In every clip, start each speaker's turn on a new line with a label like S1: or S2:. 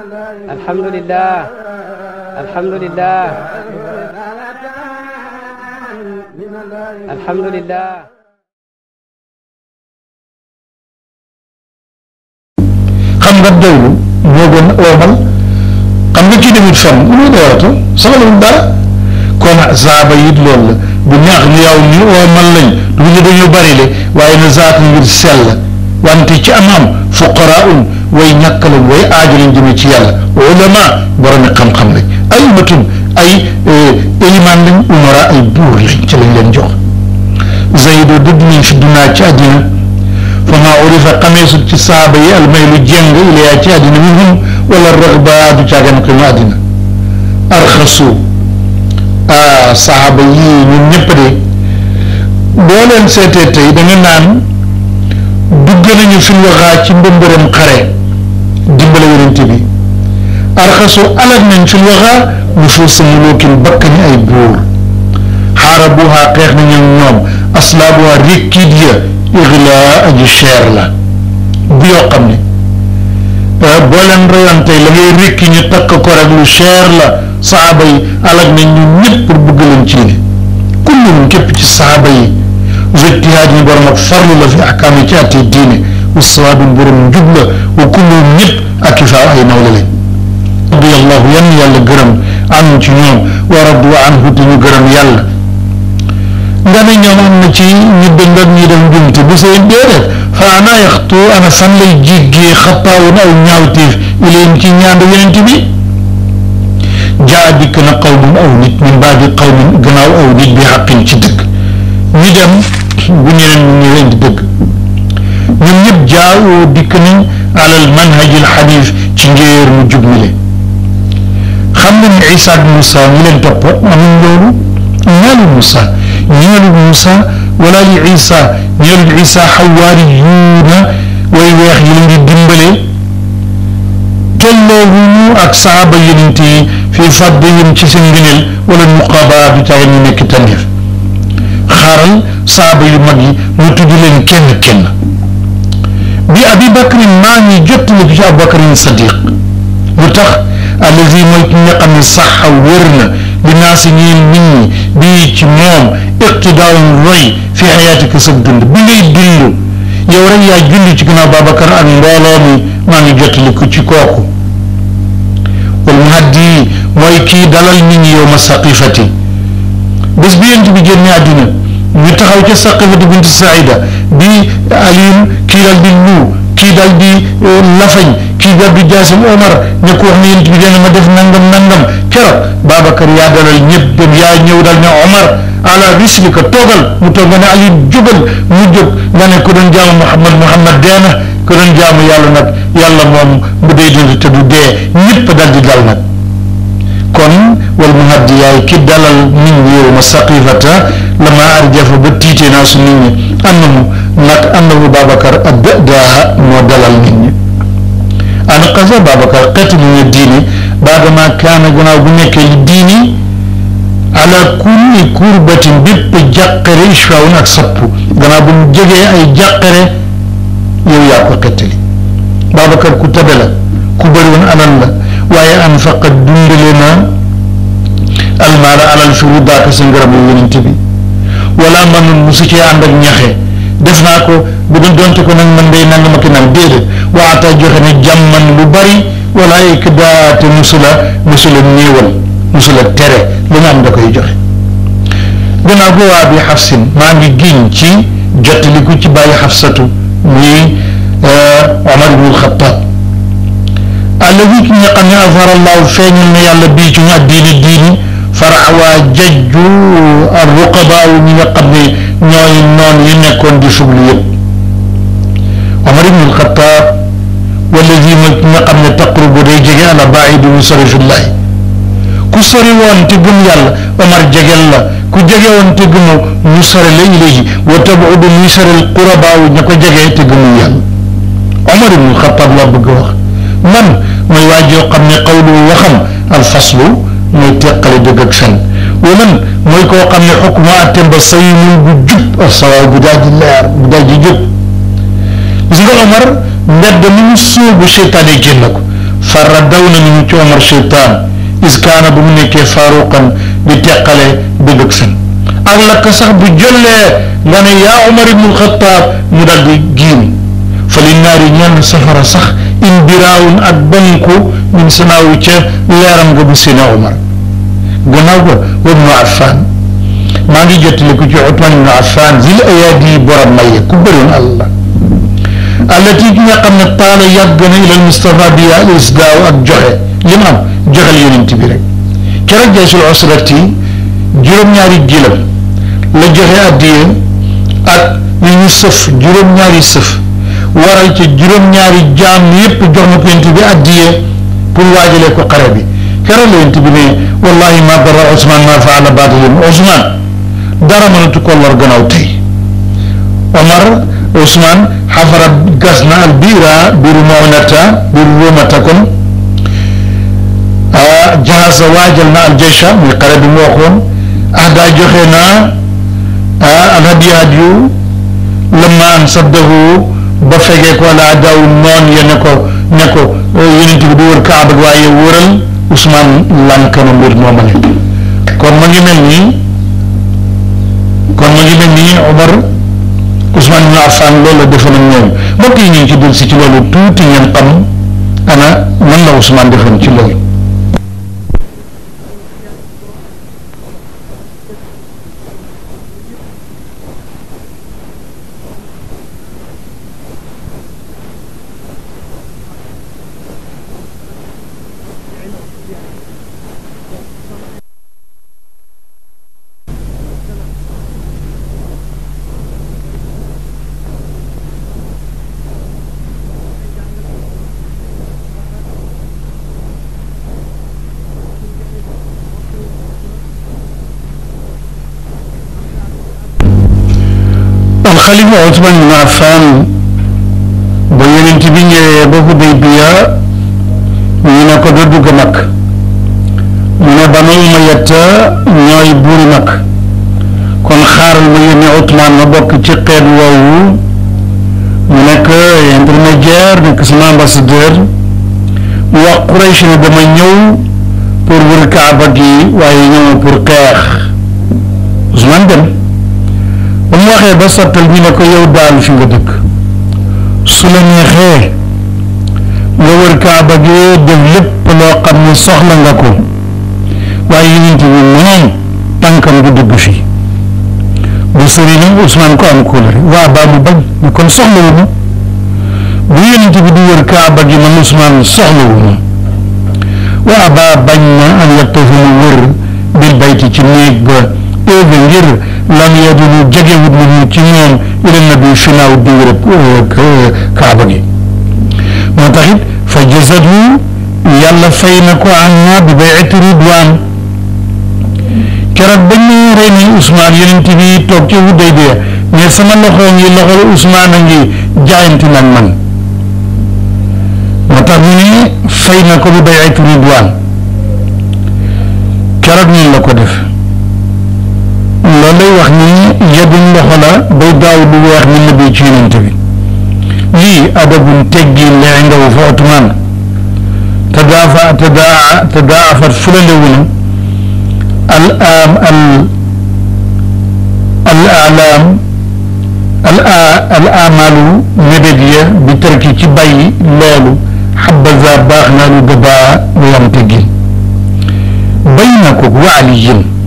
S1: alhamdulillah alhamdulillah
S2: alhamdulillah xam nga dawlu moo gën a oomal xam nga kii demut fenn lu muy doyatu soxlawul dara kon saaba yi loolu la bu ñaax ñu yaw ñu oomal lañ du ñu dañoo bari le waaye na zaat ngir sell wante ci amam fuqaraun way ñàkk lañ way aajo lañ jëmee ci yàlla ulama boromi xam-xam lañ ay matun ay élimaan eh, lañ umara ay buur lañ ci lañ leen jox zaydo dëgg nañ fi dunaa ci àddina fa maa urifa xameesut ci saaba yi almaylu jeng ilayaa ci àddina minhum wala raxba du caagan ko mu àddina arxasu a saaba yii ñun ñëpp de boo leen seetee tey da nga naan dugg nañu fi waxaa ci mbëmbëram xare dimbale yonente bi arxasu alag nañ fi loxa nufuusa mulukin bakkani ay buur xaarabuha xeex nañ ak ñoom aslaabuha rékkiit ya ixlaa aju cher la bu yoo xam ne eh, boo leen rayante la ngay rékki ñu ko rek lu cher la saaba yi alag nañ ñu ñëpp pour bëgg ci kullum képp ci saaba yi zojtihaaj ñu borom ak farlu la fi axkaam yi sawaabin borom njub la wa kulluhum ñëpp ak i faa ay nawle lañ radiyallahu yan yàlla gërëm am ci ñoom wa radu anhu te ñu gërëm yàlla nga ne ñoom am na ci ñu dëng ak ñi def njumte bu seen déedéet fa ana yaxtu ana fan lay jéggee xattaawun aw ñaawteef ilayhim ci ñaanda yonent bi jaa dikk na qawmun aw nit min baadi qawmin gannaaw aw nit bi xaqin ci dëgg ñu dem bu ñeneen ñu ñëwee indi dëgg ñoom ñëpp jaawoo dikk nañ alal manhaj al xanif ci njéer mu jub mi le xam nga ni Isa ak Moussa ñi leen topp amuñ loolu ñeelu Moussa ñeelu Moussa wala li Isa ñeelu Isa xawaari yuuna way weex yi leen di dimbale tolloowuñu ak saaba yenent yi fii fadlihim ci seen ngëneel wala muqaaba du tax ñu nekk tamit xaaral saaba yu mag yi ñu tudd leen kenn kenn bi abi bakrin maa ngi jottali ko ci abubakarin sadiq lu tax allazi mooy ki nga xam ne sax wër na bi naa si ñeen nit ñi bii ci moom iqtidaawum roy fi xayaatika sa dund bi ngay dund yow rek yaa julli ci ginnaaw Babacar ak mbooloo mi maa ngi jottali ko ci kooku wal muhaddi mooy kii dalal nit ñi yow ma saqifati bés bi yent bi génne àddina ñu taxaw ca saqafati binti saida bi aliin kii dal di lu kii dal di euh, lafañ kii gàddu jaasim omar ña ko wax ne yent bi dana ma def nangam nangam keroog babacar yaa dalal la dem yaa ñëw dal ne omar ala rislika toogal mu toog nga ne aliin jógal mu jóg nga ne ko doon jaamu muhammad muhammad deena ko doon jaamu yàlla nag yàlla moom bu day dund te du dee ñëpp dal di dal wal muhaddi yaay ki dalal nit ñi yow ma saqifata la ma arjafa ba tiitee naa su nit ñi annahu nag annahu Babacar addadaaha moo dalal nit ñi an qasa Babacar xeeti mu ñu diini baadama kaana gannaaw bu nekkee li diini ala kulli kurbatin bépp jàqare ishfaawun ak sappu gannaaw bu mu ay jàqare yow yaa ko xettali Babacar ku tabe la ku bëri woon alal la waaye anfaqa dundale na almaala alal fi rudaaka sa ngërëmu yonent bi wala man musu cee ànd ak ñaxe def naa ko bu doon donte ko nag man day nangam ak naan déedéet waata joxe ne jàmman lu bari wala ay daate musula musula néewal musula tere lu nga am da koy joxe gannaaw bu waa bi xafsin maa ngi giñ ci jottaliku ci bàyyi xafsatu muy eh, Omar ibnul Xattaab àll ki nga xam ne azhar allahu feeñal na yàlla bii ci ñu ak diini farawaa jajju ak ruqabaa ñi nga xam ne ñooy noon yi nekkoon di subli yëpp Omar ibn al-Khattab wala ji ma nga xam ne taqrubu day jege ala baa'idu mu sori fillahi ku sori woon te gëm yàlla Omar jegel la ku jege woon te gëmu ñu sori la ilayhi wa tabudu muy sori qurabaa ña ko jege te gëmu yàlla Omar ibn al-Khattab laa bëgg wax man mooy waa joo xam ne qawlu waxam al faslu mooy teqale dëgg ak fen waman mooy koo xam ne xukk ma atteem ba sayu mun bu jub ak sawaay bu daal di leer bu daal di jub gis nga Omar mbedd mi ñu sóobu seytaan yi génn ko farra daw na ñu ci Omar seytaan iskaana bu mu nekkee faaruqan di teqale dëgg ak fen ak lakka sax bu jëlee nga ne yaa Omar ibnul Xattaab mu daal di giim fa li naari ñaan safara sax in ak banku min sinaawu ca leeram nga bu sina Omar gannaaw ga wa ibnu Affan maa ngi jottali ko ci Ousmane ibnu Affan zil ayaadi borom maye ku bëriwoon Allah allati ki nga xam ne taala yàgg na ilal Mustafa bi al isdaaw ak joxe li mu am joxel yonent bi rek keroog jaysul usrati juróom-ñaari jilam la joxe addiya ak li ñu sëf juróom-ñaari sëf waral ci juróom-ñaari jaam yépp jox na ko yent bi addiye pour waajalee ko xare bi keroog la yent bi ne wallahi ma dara Ousmane ma faala baata yom Ousmane dara mënatu ko lor gannaaw tey Omar Ousmane xafara gas na al biira biiru moonata biiru roomata kon ah, jaasa waajal na al jeysha muy xare bi mu waxoon ahda joxe na ah, al hadiyaat yu lamma an saddahu ba fegee ko laa daw noon ya ne ko ne ko yonent bi du wër Kaaba waaye wëral Ousmane lànk na mbir kon ma ngi mel nii kon ma ngi mel nii Omar Ousmane ibn Affan loolu la defoon ak ñoom yi ñu ci dul si ci loolu tuuti ngeen xam ana nan la Ousmane defoon ci loolu xalifa Ousmane bin Affan ba yonent bi ñëwee ba Hudaybiya ñu ne ko doo dugg mag mu ne Banu Umayya ñooy buuri mag kon xaaral ma yónnee Ousmane ma bokk ci xeet woowu mu nekk intermédiaire nekk sama ambassadeur mu wax Quraysh ne dama ñëw pour wër Kaaba gi waaye ñëw pour xeex Ousmane dem waxee ba sottal ñu ne ko yow daal fi nga dëkk su la neexee nga wër kaaba gi def lépp loo xam soxla nga ko waaye yonent bi moom tànkam du dugg fii bu sori na Ousmane ko am kóolare waa baa mu bañ ñu kon soxlawuma bu yonent bi di wër kaaba gi man Ousmane soxlawuma an yattafi mu wër bil bayti ci néeg ba éege ngir la yadulu jegewut nañu ci ñoom ila nabi finaaw di wër eh, kaaba yàlla fay na ko an na bi bayati ridwaan keroog bañ ne rey nañ Ousmane yonent bi toog ca Hudaybiya mais sama loxo ngi loxol Ousmane a ngi jaayanti nag man moo tax na ko bi bayati ridwaan keroog ñun la ko def day wax ni yadun loxo la bay daaw du weex ni la bay ci yonent bi lii adabun teggin la indahu fa Ousmane tadaafa tadaa tadaafat fulalewu na al aam al al alaam al al amalu mébét ya bi tarki ci bàyyi loolu xabaza baax na lu dabaa lu am teggin bay na ko waali yëm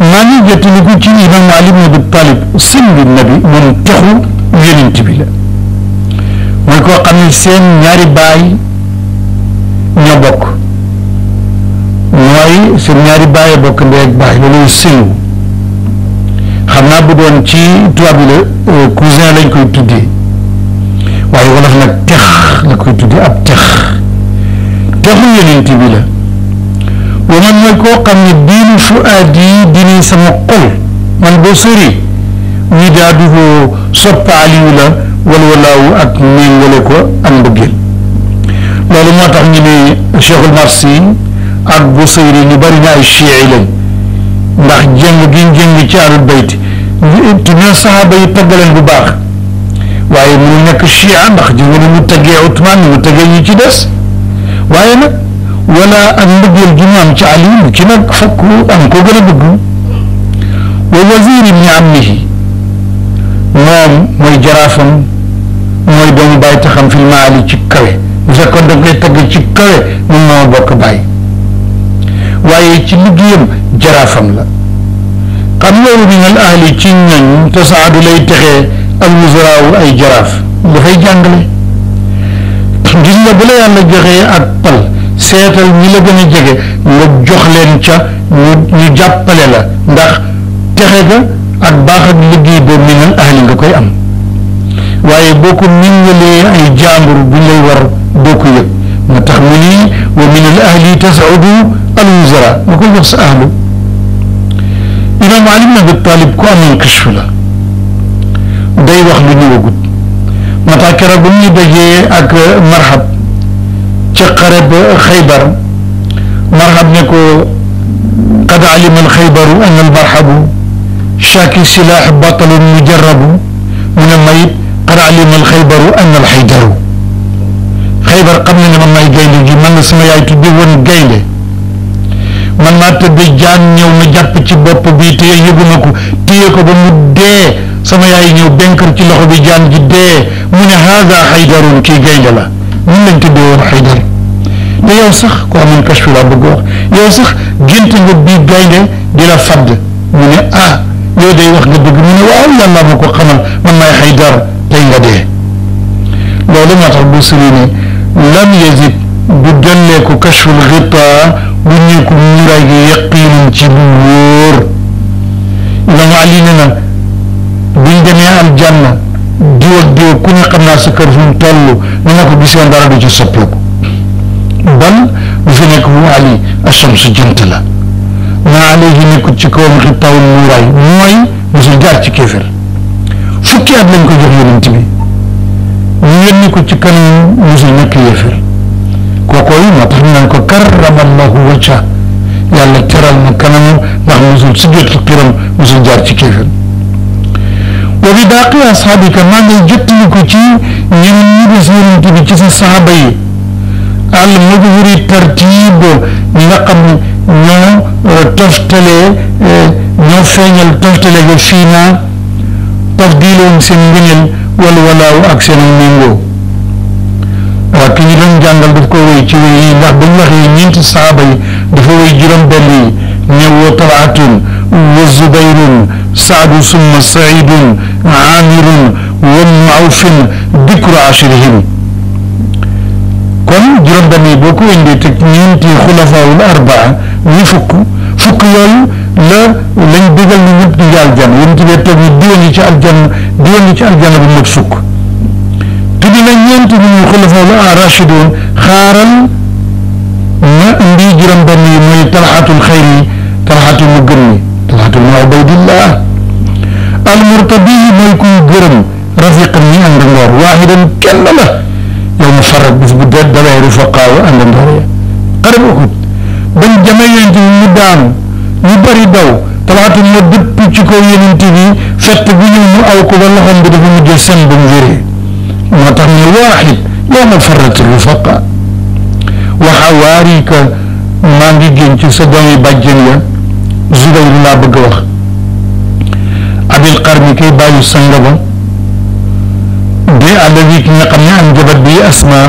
S2: maa ngi jottaliku ci imam Ali ibn Abi Talib sindu nabi moom toxu yonent bi la mooy koo xam ne seen ñaari baay ñoo bokk mooy seen ñaari baay bokk ndey ak baay loolu sindu xam naa bu doon ci tubaab bi la euh, cousin lañ koy tuddee waaye wolof nag tex la koy tuddee ab tex texu yonent bi la man mooy koo xam ne diinu fuaad yi dini sama xol man boo sori wi daaduhu soppaaliwu la walwalaawu ak méngale ko am mbëggeel loolu moo tax ñu ne Cheikhul Marsi ak Busayri ñu bari na ay chii lañ ndax jëng gi jëng ci alul bayt tu ne saxaaba yi taggaleen bu baax waaye mënu nekk chia ndax jëng ni mu tëggee Utmaan ni mu tëggee ñi ci des waaye nag wala ak mbëggeel gi mu am ci ali ci nag fokk am ko gën a bëgg wa wazir ammihi moom mooy jaraafam mooy doomu bàyyi taxam fil maali ci kawe bu fekkoon daf lay tagg ci kawe moom moo bokk bàyyi waaye ci liggéeyam jaraafam la xam loolu min al ahli ci ñoñ tasaadu lay texee al wuzaraawu ay jaraaf dafay jàngale la yàlla joxee ak pal seetal ñi la gën a jege nga jox leen ca ñu ñu jàppale la ndax texe ga ak baax ak liggéey boo minal ahli nga koy am waaye boo ko mingalee ay jàmbur bu lay war doo ko yëg moo tax mu nii wa minal ahli tasaudu alwuzara nga koy jox sa ahlu imaam Ali ibn Abi Talib ku amoon kashf la day wax lu ñëwagut moo tax keroog bu ñu dajee ak marhab ca xare ba xaybar marhab ne ko qad alima alxaybaru an almarhabu shaki silah batalun mujarrabu mu ne mayit qad alima alxaybaru an alxaydaru xaybar xam na ne man may gaynde gi man la sama yaay tudde woon gaynde man maa tëdde jaan ñëw ma jàpp ci bopp bi te yëgu ma ko téye ko ba mu dee sama yaay ñëw benkar ci loxo bi jaan ji dee mu ne haada xaydarun kii gaynde la ñun lañ tuddee woon Haydar te yow sax ko amoon kashfu laa bëgg wax yow sax gént nga bii gaynde di la fadd mu ne ah yow day wax nga dëgg mu ne waaw yàlla ma ko xamal man maay Haydar tey nga dee loolu moo tax bu siri ne lam yazid du dolleeku kashful xitaa bu ñeeku muraay gi yaqiinum ci bu wóor imaam Ali ne na buñ demee aljanna diw ak diw ku ne xam naa sa kër fu mu toll na nga ko gisee dara du ci soppeeku ban bu fi nekk mu ali ashamsu jant la maa alayhi nekkul ci kawam xitaawu muuraay mooy mosul jaar ci kéefér fukki at lañ ko jox yonent bi ñu yónni ko ci kanam mosul nekk yéefér kookooy moo tax ñu naan ko karamallahu wacca yàlla teral na kanam ndax mosul si jot xiram mosul jaar ci kéefér wa bi baaqi asxaabika maa ngi jottali ko ci ñeneen ñi des yonent bi ci sa saxaaba yi al mujhuri tartiib ñi nga xam ñoo euh, toftalee euh, ñoo feeñal toftale ga fii naa tafdiiloom seen ngëneel wal ak seen méngoo waaw ki ñu doon jàngal daf ko wéy ci wéy yi ndax bañ waxee ñeenti saxaaba yi dafa wéy juróom benn yi ñëw wa talaatun wa zubayrun saadu summa saidun amirun wabnu awfin dikru ashrihim kon juróom benn yi boo ko indee teg ñeenti fukk fukk la lañ digal ni ñëpp ñu ci aljanna ci bee toog ni diwa ngi bu mot fukk tudd na ñeenti ñu ñu xulafaawul rashidun xaaral ma indi juróom benn yi mooy talxatul xayr yi talxatul mu gën ni talxatul mu almurtadi mooy kuy gërëm rafiqan ñi ànd ndoor waahidan kenn la yow mu faral bis bu dee dalay rufaqaaw ànd ndoor ya xarab Uhud bañ jamee yonent bi mu daanu ñu bëri daw talaata ma dëpp ci kaw yonent bi fett bu ñëw mu aw ko ba loxoom bi dafa mujj seen ba mu wéree moo tax ne waaxid yow ma farati rufaqa waxa waari ka maa ngi génn ci sa doomi bàjjen ya Zubayr laa bëgg a wax karmike bàyyu sanga ba dee àlla ki nga xam ne bi asma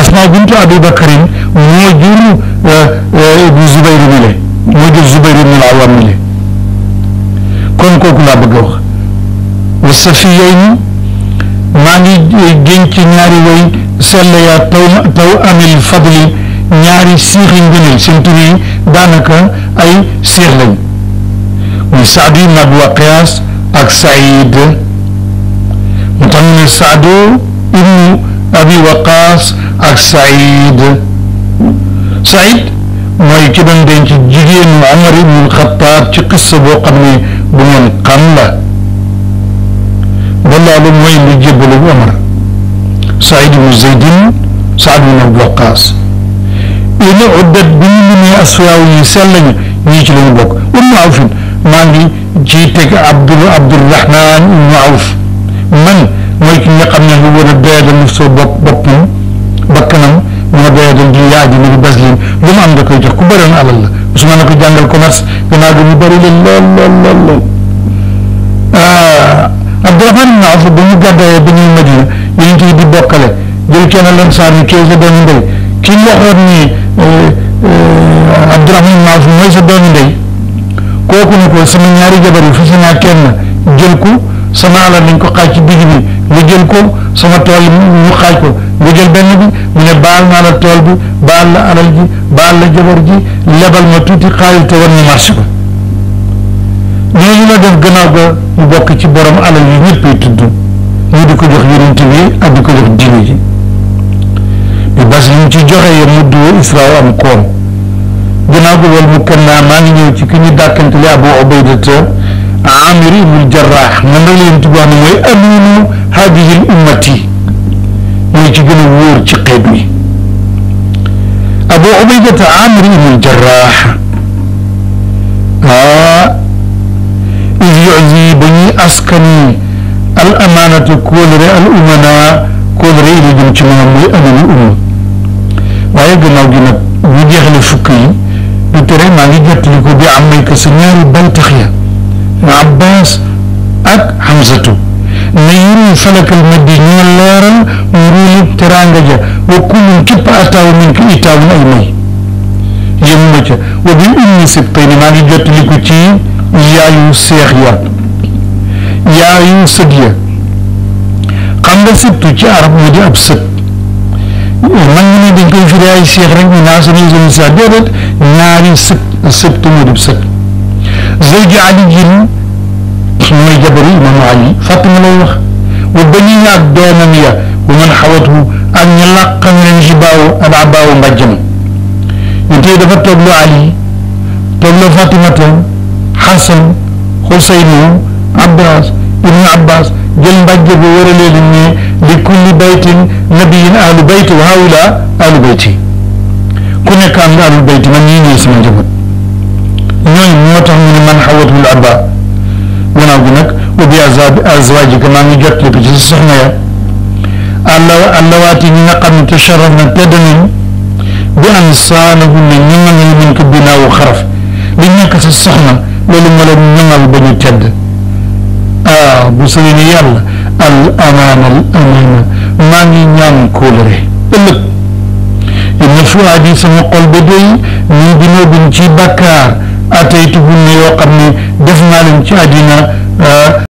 S2: asma bintu abi bakarin moo jur euh, euh, ibnu zubayr mi le moo jur zubayr ibnu al-awam mi le kon kooku laa bëgg a ngi euh, gën ci ñaari fadli ñaari siix yi ngëneel seen ay siix lañ muy saadu ibn ak Saïd mu tam ne Saadu ibnu Abi Waqaas ak Saïd Saïd mooy ki doon denc jigéenu Omar ibnu Xattaab ci qissa boo xam ne bu ngeen xam la ba loolu mooy lu jébbalu Omar Saïd ibnu Zeydin Saad ibnu Abi Waqaas une uddat bi ñu ne aswaaw yi sell ñi ci lañu bokk Ummu Awfin maa ngi jiiteeg Abdul Abdurrahman ibnu Awf man mooy ki nga xam ne nga war a doyadal mu soo bopp boppam bakkanam moo doyadal di yaay ji mu bas leen lu mu am da koy jox ku bëri alal la su ma ne ko jàngal commerce gannaaw gi ñu bëri leen lool lool lool lool ah, Abdurahman ibnu Awf ba ñu gàddaayee ba ñuy Madina yéen ci di bokkale jël kenn lan saa ni kii sa doomu ndey ki loxoon ni eh, eh, Abdurahman ibnu Awf mooy sa doomu ndey kooku ne ko sama ñaari jabar yi fas naa kenn jël ko sama alal nañ ko xaaj ci digg bi jël ko sama tool yi ñu xaaj ko nga jël benn bi mu ne baal naa la tool bi baal la alal baal la jabar ji lebal ma tuuti xaalis te war ñu marché ba ñooñu la def gannaaw ga mu bokk ci borom alal yi ñëpp ay tudd ñu di ko jox yonent bi ak di ko jox diine ji bas yi ci joxe ya mudd Israel am koom ginnaaw bi wal mukanna maa ngi ñëw ci ki ñu dàkkantale Abu Ubaydata Amir ibnul Jarraax nga nga leen di wax ne mooy aminu hadihi l ummati mooy ci gën a wóor ci xeet wi Abu Ubaydata Amir ibnul Jarraax ah iz yuzi ba ñuy askani al amaanatu kóolere al umana kóolere yi la jëm ci moom mooy aminu umm waaye gannaaw gi nag ñu jeexale fukk yi. du tere maa ngi jottaliku bi am nañ ko sa ñaari bantaxiya Abbas ak Hamzatu ak yéen falakal maddi ñoo leeral nguurub teraanga ja wa kullum képp ataaw min ko itaawun ay may yëmuma ca wa bi ummi sibtayni maa ngi jottaliku ci yaayu seex ya yaayu sët ya xam nga sibtu ci arab mu di ab sët mag ñu ne dañ koy firi ay seex rek ñu naa sëriñ sëriñ saa déedéet ñaari sët sët tumadub sët zawji ali jin mooy jabaru imam ali Fatima lay wax wa baniina ak doomam ya wa man xawatu ak ña làqam leen ci baaw ak abaawu mbàjjam ñu tey dafa toglu ali toglu fatimata xasan xuseynu abbas ibnu abbas jël mbàjje bi wërale leen ne li kulli baytin nabiyin ahlu bayti wa haula ahlu bayti ku nekk am nga ahlu bayti man ñii ñooy sama njaboot ñooñu moo tax mu ne man xawatul abba gannaaw gi nag wa bi azwaajika maa ngi jot lépp ci soxna ya àlla àllawaati ñi nga xam ne te charaf na tedd nañ bi am saanahum ne ñoŋal la ñu ko binaawu xaraf li nekk sa soxna loolu moo la ñoŋal ba ñu tedd ah bu sëriñ yàlla al amaan al amaan maa ngi ñaan kóolare ëllëg inna fuaadi sama xol ba doy min binóobin ci bàkkaar ataytu bu ne yoo xam ne def naa leen ci àddina ah.